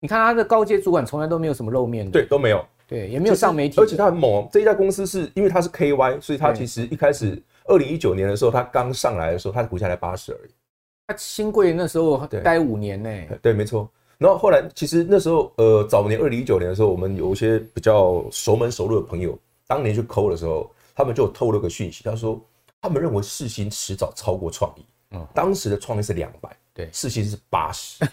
你看他的高階主管從來都沒有什麼露面的，對，都沒有，對，也沒有上媒體，而且他很猛。這一家公司是因為他是 KY，所以他其實一開始二零一九年的時候，嗯、他剛上來的時候，他股價才八十而已。他新貴那時候待五年呢，對，沒錯。然後後來其實那時候，呃，早年二零一九年的時候，我們有一些比較熟門熟路的朋友，當年去 call 的時候，他們就透露個訊息，他說他們認為世芯遲早超過創意。嗯，當時的創意是兩百，對，世芯是八十。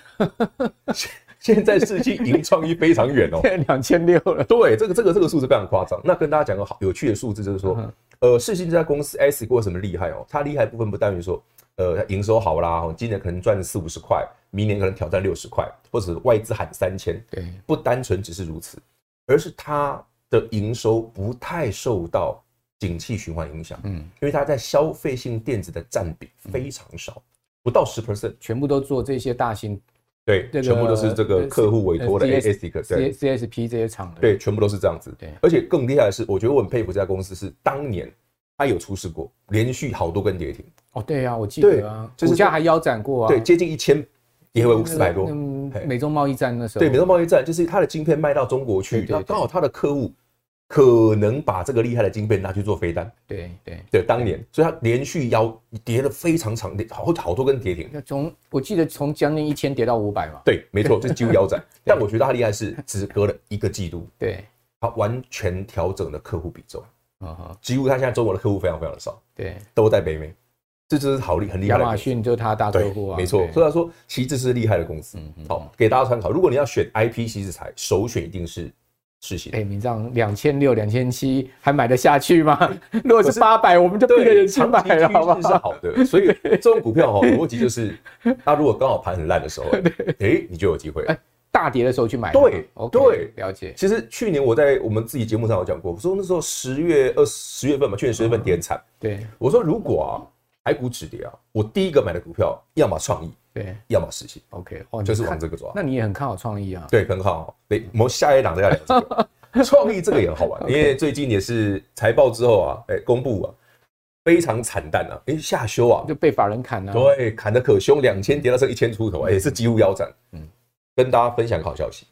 現現在世芯贏創意非常遠哦、喔，現在兩千六了。對，這個這個這個數字非常誇張。那跟大家講個好有趣的數字，就是說，uh huh、呃，世芯這家公司 S 過什麼厲害哦、喔？它厲害部分不單於說，呃，營收好啦，今年可能賺了四五十塊，明年可能挑戰六十塊，或者外資喊三千，對，不單純只是如此，而是它的營收不太受到。景氣循環影響，嗯，因為它在消費性電子的占比非常少，不到十 percent，全部都做這些大型，對，全部都是這個客戶委託的，ASIC，CSP 這些廠的，對，全部都是這樣子。對，而且更厲害的是，我覺得我很佩服這家公司，是當年它有出事過，連續好多根跌停。哦，對呀，我記得啊，股價還腰斬過啊，對，接近一千跌回四百多。嗯，美中貿易戰的時候，對，美中貿易戰就是它的晶片賣到中國去，那剛好它的客戶。可能把這個厲害的晶片拿去做飛彈，對對對，當年，所以他連續腰跌了非常長，好好多根跌停。那從我記得從將近一千跌到五百嘛，對，沒錯，這是幾乎腰斬。但我覺得他厲害是只隔了一個季度，對，他完全調整了客戶比重。啊幾乎他現在中國的客戶非常非常的少，對，都在北美，這真是好厲很厲害。亞馬遜就是他大客戶啊，沒錯。所以他說其實是厲害的公司，好給大家參考。如果你要選 IP 矽智財首選一定是。是的，哎，你這樣兩千六、兩千七還買得下去嗎？如果是八百，我們就沒有人去買了，好嗎？是好的，所以這種股票哈，邏輯就是，那如果剛好盤很爛的時候，哎，你就有機會了。大跌的時候去買。對，OK，了解。其實去年我在我們自己節目上有講過，我說那時候十月呃，十月份嘛，去年十月份跌很慘。對，我說如果啊，台股止跌啊，我第一個買的股票，要嘛創意。對，要麼實習，OK，、哦、就是往這個走。那你也很看好創意啊？對，很好。對，我們下一檔都要聊這個創 意，這個也很好玩。Okay, 因為最近也是財報之後啊，哎、欸，公布啊，非常慘淡啊，哎、欸，下修啊，就被法人砍了、啊，對，砍得可凶，兩千跌到剩一千出頭，哎、嗯欸，是幾乎腰斬。嗯，跟大家分享個好消息，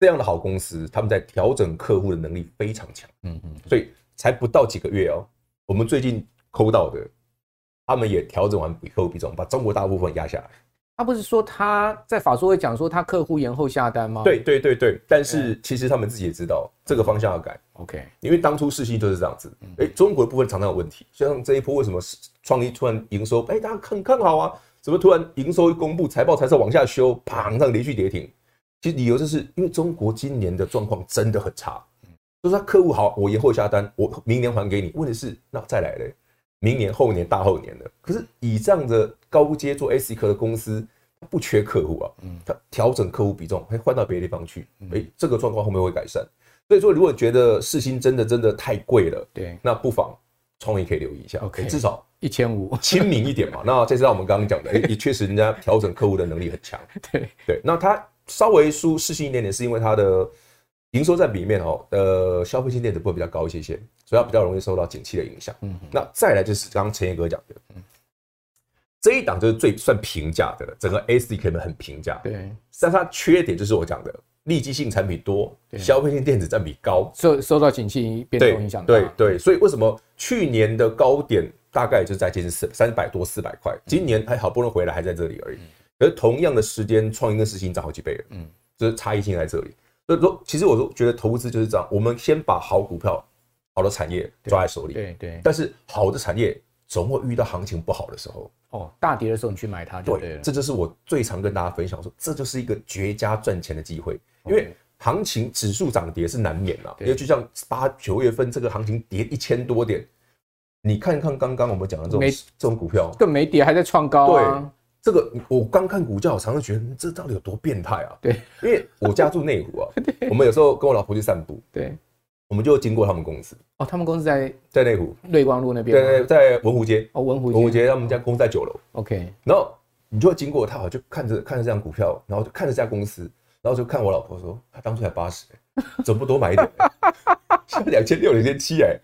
這樣的好公司，他們在調整客戶的能力非常強。嗯嗯，所以才不到幾個月哦、喔，我們最近摳到的。他們也調整完客戶比重，把中國大部分壓下來。他不是說他在法說會講說他客戶延後下單嗎？對對對對。但是其實他們自己也知道、嗯、這個方向要改。嗯、OK，因為當初世新就是這樣子。欸、中國的部分常常有問題。像這一波為什麼創意突然營收？哎、欸，大家看看好啊。怎麼突然營收一公布財報，財報往下修，然後連續跌停？其實理由就是因為中國今年的狀況真的很差。就是他客戶好，我延後下單，我明年還給你。問題是那再來咧。明年、後年、大後年的，可是以這樣的高階做 ASIC 的公司不缺客戶啊，嗯，他調整客戶比重，哎、欸，換到別的地方去，誒、欸，這個狀況後面會改善。所以說，如果覺得世芯真的真的太貴了，對，那不妨創意可以留意一下，OK，對至少一千五，親民一點嘛。Okay, 那這是讓我們剛剛講的，誒、欸，也確實人家調整客戶的能力很強，對對，那他稍微輸世芯一點點，是因為他的。營收佔比裡面哦，呃，消費性電子會比較高一些些，所以它比較容易受到景氣的影響。嗯哼，那再來就是剛剛晨彥哥講的，嗯、這一檔就是最算平價的，整個 A、C、嗯、K 們很平價。對，但它缺點就是我講的，利基性產品多，對消費性電子占比高，受受到景氣變動影響。對對，所以為什麼去年的高點大概就是在接近四三百多四百塊，嗯、今年還好不容易回來還在這裡而已。嗯、可是同樣的時間，創意跟世芯漲好幾倍了。嗯，就是差異性在這裡。所以說，其實我都覺得投資就是這樣，我們先把好股票、好的產業抓在手裡。對對。對對，但是好的產業總會遇到行情不好的時候。哦，大跌的時候你去買它就對了對。這就是我最常跟大家分享說，這就是一個絕佳賺錢的機會，因為行情指數漲跌是難免的、啊。尤其對像八九月份這個行情跌一千多點，你看一看剛剛我們講的這種沒這種股票，更沒跌，還在創高、啊。對。這個我剛看股價，我常常覺得這到底有多變態啊？對，因為我家住內湖啊，對 我們有時候跟我老婆去散步，對，我們就經過他們公司。哦，他們公司在在內湖瑞光路那邊，對對，在文湖街。哦，文湖街，文湖街，他們家公司在九樓。OK，然後你就經過他，好像就看着看着這張股票，然後就看著這家公司，然後就看我老婆說，他當初才八十，怎麼不多買一點？現在兩千六兩千七哎，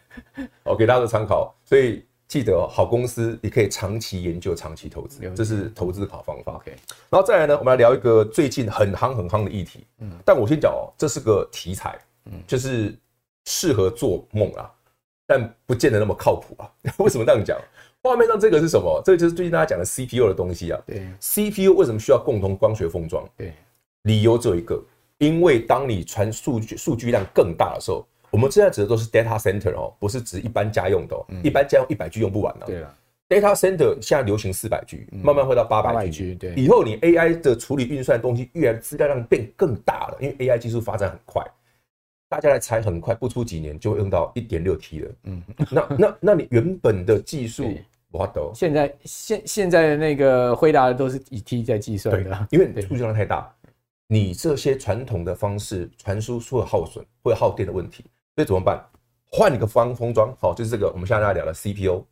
好，給大家的參考。所以。記得喔，好公司，你可以長期研究、長期投資，這是投資的好方法。OK，然後再來呢，我們來聊一個最近很夯很夯的議題。嗯，但我先講哦，這是個題材，嗯，就是適合做夢啊，但不見得那麼靠譜啊。為什麼這樣講？畫面上這個是什麼？這個就是最近大家講的 CPO 的東西啊。對，CPO 為什麼需要共同光學封裝？對，理由只有一個，因為當你傳數據數據量更大的時候。我們現在指的都是 data center 哦，不是指一般家用的哦。嗯、一般家用一百 G 用不完了、啊。對啦 data center 現在流行四百 G、嗯、慢慢會到八百 G。G, 以後你 AI 的處理運算的東西越來資料量變更大了，因為 AI 技術發展很快，大家來猜，很快不出幾年就會用到一點六 T 了。嗯，那那那你原本的技術，我懂。現在現現在的那個回答的都是以 T 在計算的，對因為你數據量太大，對你這些傳統的方式傳輸出了耗損、會耗電的問題。所以怎麼辦？換一個方封裝，好，就是這個。我們現在聊的 CPO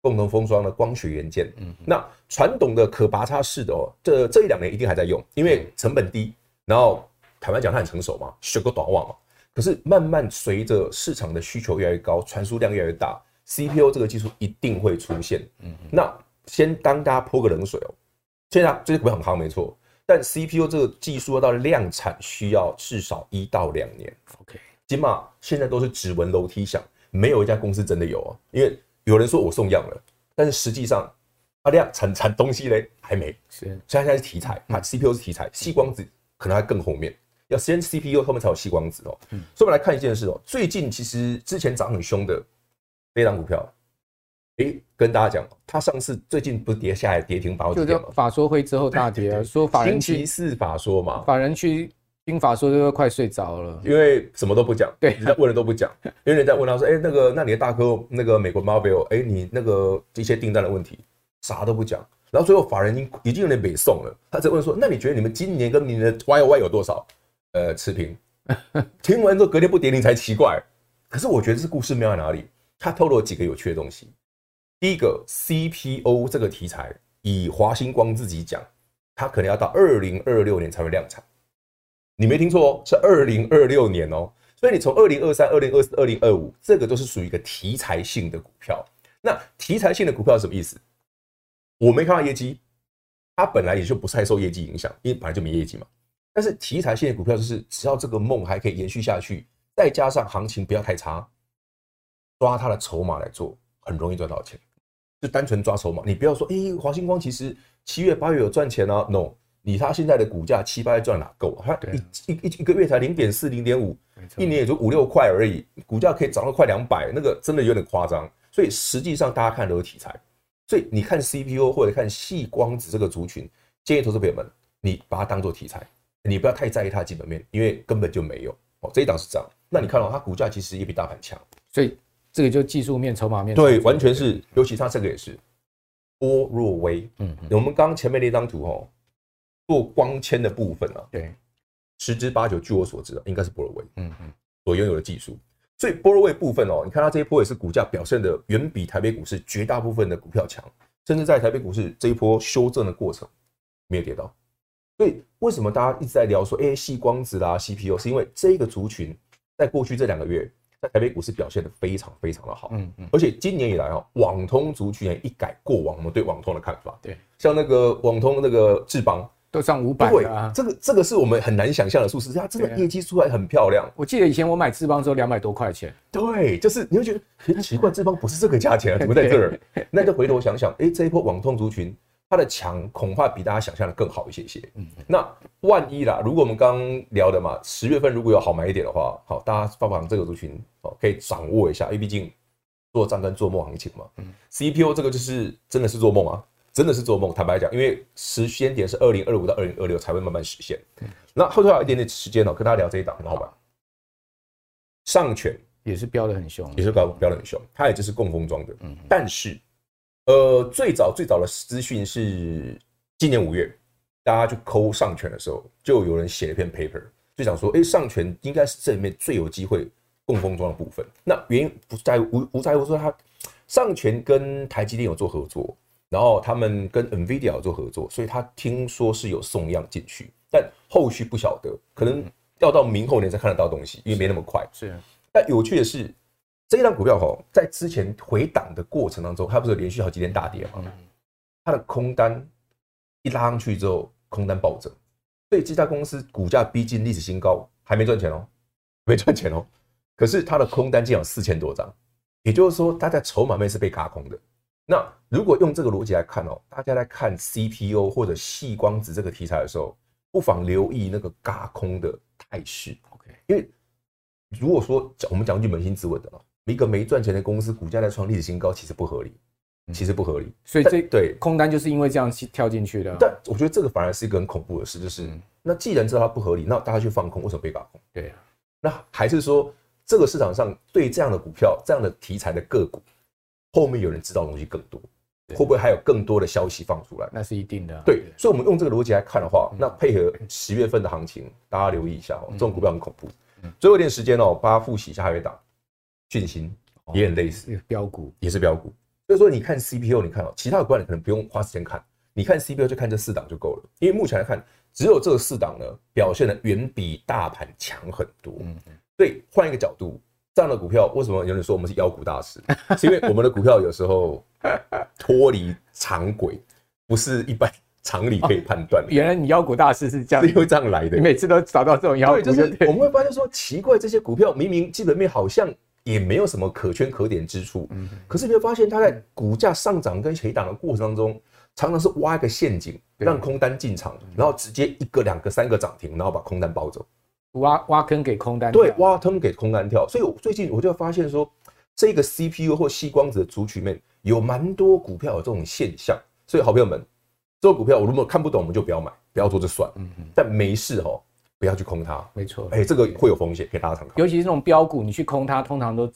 共同封裝的光學元件。嗯哼，那傳統的可拔插式的、喔，這這一兩年一定還在用，因為成本低，然後坦白講它很成熟嘛，學個短網嘛。可是慢慢隨着市場的需求越來越高，傳輸量越來越大，CPO 這個技術一定會出現。嗯哼，那先當大家潑個冷水哦、喔。現在這些股票很夯，沒錯。但 CPO 這個技術要到量產需要至少一到兩年。OK。起碼現在都是只聞樓梯響，沒有一家公司真的有啊。因為有人說，我送樣了，但是實際上阿亮產產東西嘞還沒。是，所以他現在是題材啊、嗯、，CPO 是題材，矽光子可能還更後面，要先 CPO 後面才有矽光子哦、喔。嗯，所以我們來看一件事哦、喔，最近其實之前漲很凶的這檔股票、欸，跟大家講，它上次最近不是跌下來跌停，把我點就法說會之後大跌了，對對對對，說法人去是法說嘛，法人去。聽法說，就是快睡着了，因為什麼都不講。對、啊，人家問了都不講，因為人家問他說：“哎，那個，那你的大哥，那個美國 Marvell，哎，你那個一些訂單的問題，啥都不講。”然後最後法人已經已經有點北送了。他只問說：“那你覺得你們今年跟明年的 YoY 有多少？呃，持平？”聽完之後，隔天不跌停才奇怪。可是我覺得這故事妙在哪裡？他透露幾個有趣的東西。第一個，CPO 這個題材，以華星光自己講，他可能要到二零二六年才會量產。你沒聽錯哦，是二零二六年哦，所以你從二零二三、二零二四、二零二五，這個都是屬於一個題材性的股票。那題材性的股票是什麼意思？我沒看到業績，它本來也就不太受業績影響，因為本來就沒業績嘛。但是題材性的股票就是，只要這個夢還可以延續下去，再加上行情不要太差，抓它的籌碼來做，很容易賺到錢。就單純抓籌碼，你不要說，哎、欸，華星光其實七月八月有賺錢啊？No。你它現在的股價七八賺哪夠它、啊、一一對一個月才零點四、零點五，一年也就五六塊而已。股價可以漲到快兩百，那個真的有點誇張。所以實際上大家看都是題材。所以你看 CPO 或者看矽光子這個族群，建議投資朋友們，你把它當做題材，你不要太在意它基本面，因為根本就沒有哦。這一檔是這樣，那你看到、喔、它股價其實也比大盤強，所以這個就技術面、籌碼面。對，完全是，對尤其它這個也是。波若威嗯哼，我們剛剛前面那張圖哈、喔。做光纖的部分啊，對，十之八九，據我所知啊，應該是波若威嗯嗯，所擁有的技術。嗯、哼所以波若威部分哦，你看它這一波也是股價表現的遠比台北股市絕大部分的股票強，甚至在台北股市這一波修正的過程沒有跌到。所以為什麼大家一直在聊說，aa 矽，欸、光子啦，CPO，是因為這個族群在過去這兩個月在台北股市表現的非常非常的好，嗯嗯哼，而且今年以來啊、哦，網通族群一改過往我們對網通的看法，對，像那個網通那個智邦。都漲五百，對，這個這個是我們很難想象的數字。它這個業績出來很漂亮。啊、我記得以前我買智邦時候兩百多塊錢，對，就是你會覺得很奇怪，智邦不是這個價錢啊，怎麼在這兒？對那就回頭想想，哎，這一波網通族群，它的強恐怕比大家想象的更好一些些。嗯，那萬一啦，如果我們剛聊的嘛，十月份如果有好買一點的話，好，大家不妨這個族群、哦、可以掌握一下，因為畢竟做帳跟做夢行情嘛。嗯，CPO 這個就是真的是做夢啊。真的是做夢。坦白講，因為時間點是二零二五到二零二六才會慢慢實現。嗯、那後頭還有一點點時間呢、喔，跟大家聊這一檔，好吧，上詮也是飆的很凶，也是飆飆的很凶。嗯、它也就是共封裝的。嗯哼，但是，呃，最早最早的資訊是今年五月，大家去摳上詮的時候，就有人寫了一篇 paper，就想說，欸、上詮應該是這裡面最有機會共封裝的部分。那原因不在乎不在乎說，它上詮跟台積電有做合作。然後他們跟 Nvidia 做合作，所以他聽說是有送樣進去，但後續不曉得，可能要到明後年才看得到東西，因為沒那麼快。是。是，但有趣的是，這一檔股票吼，哦，在之前回檔的過程當中，它不是連續好幾天大跌嗎？它的空單一拉上去之後，空單暴增，所以這家公司股價逼近歷史新高，還沒賺錢哦，沒賺錢哦。可是它的空單竟然有四千多張，也就是說，它在籌碼面是被卡空的。那如果用這個邏輯來看哦，大家在看 CPO 或者矽光子這個題材的時候，不妨留意那個軋空的態勢。OK，因為如果說講我們講句捫心自問的啊，一個沒賺錢的公司股價在創歷史新高，其實不合理，其實不合理。嗯、但所以，這對空單就是因為這樣跳進去的。但我覺得這個反而是一個很恐怖的事，就是、嗯、那既然知道它不合理，那大家去放空，為什麼被軋空？對。那還是說這個市場上對這樣的股票、這樣的題材的個股？後面有人知道東西更多，會不會還有更多的消息放出來？那是一定的。對，所以，我們用這個邏輯來看的話，那配合十月份的行情，大家留意一下哦。這種股票很恐怖。最後一點時間哦，大家複習一下，還有一檔，訊芯也很類似，標股也是標股。所以說，你看 CPO，你看其他的關聯可能不用花時間看，你看 CPO 就看這四檔就夠了。因為目前來看，只有這四檔呢，表現的遠比大盤強很多。嗯嗯。所以換一個角度。這樣的股票為什麼有人說我們是妖股大師？ 是因為我們的股票有時候脫離常軌，不是一般常理可以判斷的。哦，原來你妖股大師是這樣，是因為這樣來的，你每次都找到這種妖股，對，就是我們會發現說奇怪，這些股票明明基本面好像也沒有什麼可圈可點之處，嗯、哼可是你會發現它在股價上漲跟回檔的過程當中，常常是挖一個陷阱，讓空單進場，對然後直接一個兩個三個漲停，然後把空單包走。挖挖坑給空單跳，對，挖坑給空單跳。所以我最近我就發現說，這個 CPO 或矽光子的族群裡面有蠻多股票有這種現象。所以，好朋友們，這種股票我如果看不懂，我們就不要買，不要做就算。嗯、哼但沒事哦，不要去空它。沒錯。哎、欸，這個會有風險，對給大家參考。尤其是這種飆股，你去空它，通常都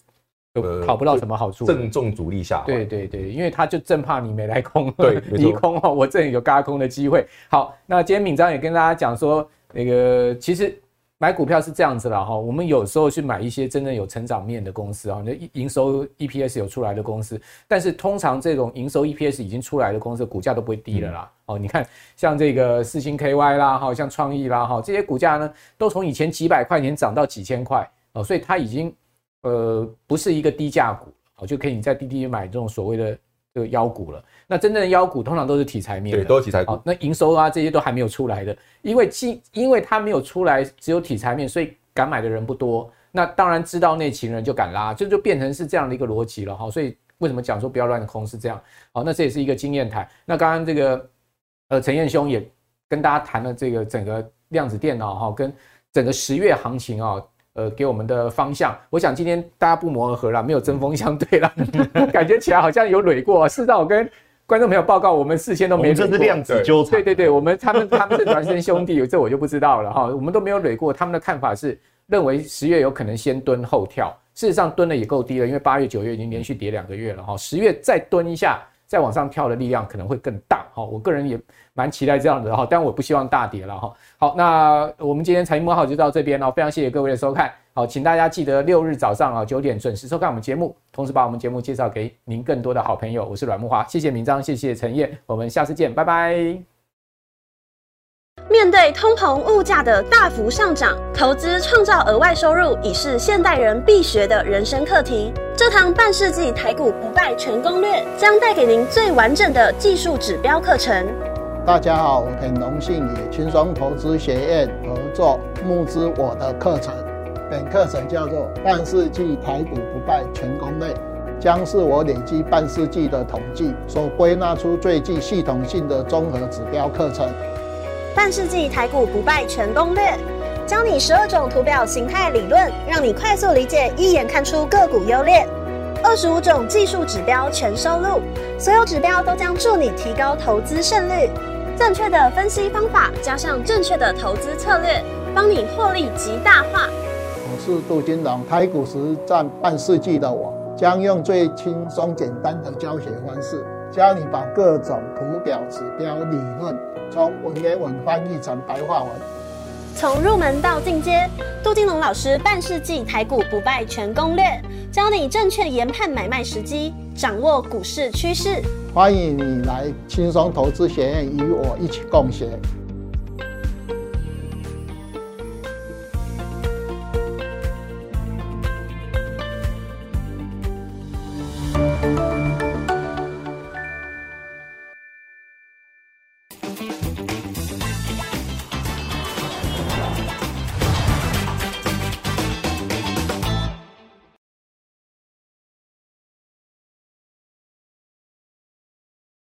都討不到什麼好處。正中主力下。對對對，因為他就正怕你沒來空，對， 你空哦，我這裡有嘎空的機會。好，那今天閔漳也跟大家講說，那個其實。買股票是這樣子了哈，我們有時候去買一些真正有成長面的公司啊，那營收 EPS 有出來的公司，但是通常這種營收 EPS 已經出來的公司，股價都不會低了啦。哦、嗯，你看像這個世芯 KY 啦，哈，像創意啦，哈，這些股價呢，都從以前幾百塊錢漲到幾千塊，哦，所以它已經呃不是一個低價股，哦，就可以你在滴滴買這種所謂的。就妖股了，那真正的妖股通常都是題材面，對，都是題材。好，那營收啊這些都還沒有出來的，因為既因為它沒有出來，只有題材面，所以敢買的人不多。那當然知道那群人就敢拉，就就變成是這樣的一個邏輯了哈。所以為什麼講說不要亂空是這樣？好，那這也是一個經驗談。那剛剛這個呃晨彥兄也跟大家談了這個整個量子電腦哈、哦，跟整個十月行情啊、哦。呃，給我們的方向，我想今天大家不謀而合了，沒有針鋒相對了，嗯、 感覺起來好像有壘過。事實上我跟觀眾朋友報告，我們事先都沒壘過。這是量子糾纏的對對對，我們他們他們是孿生兄弟， 這我就不知道了哈。我們都沒有壘過，他們的看法是認為十月有可能先蹲後跳。事實上蹲的也夠低了，因為八月、九月已經連續跌兩個月了哈。十月再蹲一下，再往上跳的力量可能會更大哈。我個人也。蠻期待這樣的哈，但我不希望大跌了哈。好，那我們今天財經慕 House 就到這邊了，非常謝謝各位的收看。好，請大家記得六日早上啊，九點準時收看我們節目，同時把我們節目介紹給您更多的好朋友。我是阮慕驊，謝謝閔漳，謝謝晨彥，我們下次見，拜拜。面對通膨物價的大幅上漲，投資創造額外收入已是現代人必學的人生課題。這堂半世紀台股不敗全攻略將帶給您最完整的技術指標課程。大家好，我很榮幸與輕鬆投資學院合作，募資我的課程。本課程叫做《半世紀台股不敗全攻略》，將是我累積半世紀的統計所歸納出最具系統性的綜合指標課程。《半世紀台股不敗全攻略》教你十二種圖表形態理論，讓你快速理解，一眼看出個股優劣。二十五種技術指標全收錄，所有指標都將助你提高投資勝率。正確的分析方法加上正確的投資策略，幫你獲利極大化。我是杜金龍，台股實戰半世紀的我，將用最輕鬆簡單的教學方式，教你把各種圖表、指標、理論，從文言文翻譯成白話文。從入門到進階，杜金龍老師半世紀台股不敗全攻略，教你正確研判買賣時機。掌握股市趨勢，歡迎你來輕鬆投資學院，與我一起共學。